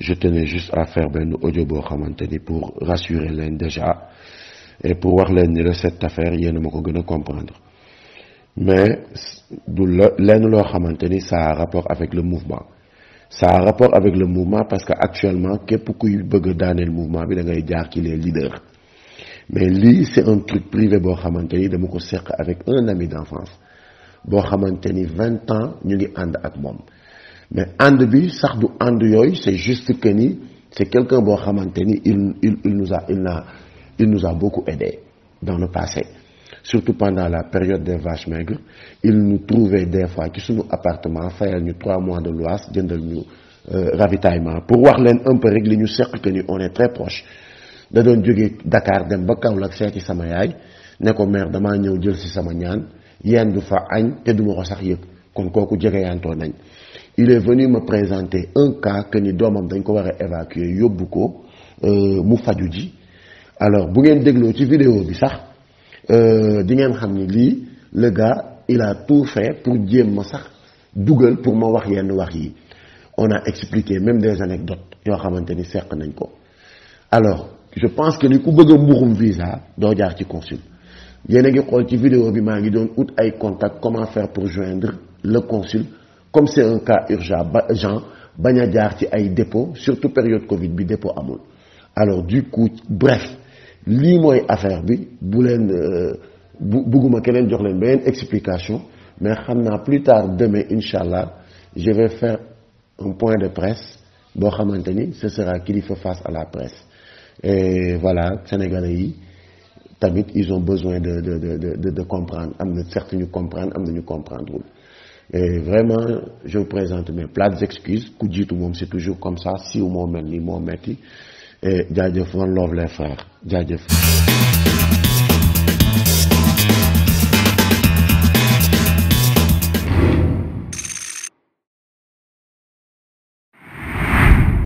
je tenais juste à faire benn audio boo xamante ni pour rassurer leen déjà et pour wax leen ni la cette affaire yéen moo ko gën a comprendre mais du la lenn loo xamante ni ça rapport avec le mouvement ça a rapport avec le mouvement parce que actuellement képp kuy bëgg daaneel mouvement bi da ngay jaar ci les leaders mais lii c'est un truc privé boo xamante ni dama ko seq avec un ami d'enfance boo xamante ni vingt ans ñu ngi ànd ak moom mais ànd bi sax du ànd yooyu c'est juste que ni c'est quelqu'un boo xamante ni il il il nous a il a il nous a beaucoup aidé dans le passé surtout pendant la période des vaches maigres il nous trouvait des fois ci suñu appartement fayal ñu trois mois de loyer jëndal ñu euh, ravitaillement pour wax leen un peu li ñu seq que ni on est très proche da doon jógee dakaar dem ba Kaolack seeti sama yaay ne ko mère dama ñëw jël si sama ñaan du fa añ te duma ko sax yëg kon kooku jegeyantoon nañ il est venu ma présenter un cas que ni doomam dañ ko war a évacuer yóbbu ko euh, mu faju ji alors bu ngeen dégloo ci vidéo bi sax euh, di ngeen xam ni lii le gars il a tout fait pour jéem ma sax dugal pour ma wax yenn wax yi on a expliqué même des anecdotes yoo xamante ni seq nañ ko alors je pense que ni ku bëgg a mbuxum visa doo jaar ci consul yéen a ngi xool ci vidéo bi maa ngi doon ut ay contact comment faire pour joindre le consul comme c'est un cas urgent ba gens bañ a jaar ci ay dépôt surtout période Covid bi dépôt amul alors du coup bref lii mooy affaire bi bu leen euh, bu bugguma keneen jox leen beneen explication mais xam naa plus tard demain incha allah je vais faire un point de presse boo xamante ni ce sera Kilifeu face à la presse e voilà sénégalais yi tamit ils ont besoin de de de de de comprendre am na certes ñu comprendre am na ñu comprendre wul et vraiment je vous présente mes plates excuses ku jiitu moom c'est toujours comme si siiw moo mel ni moo metti et jaajëf one love les jaajëf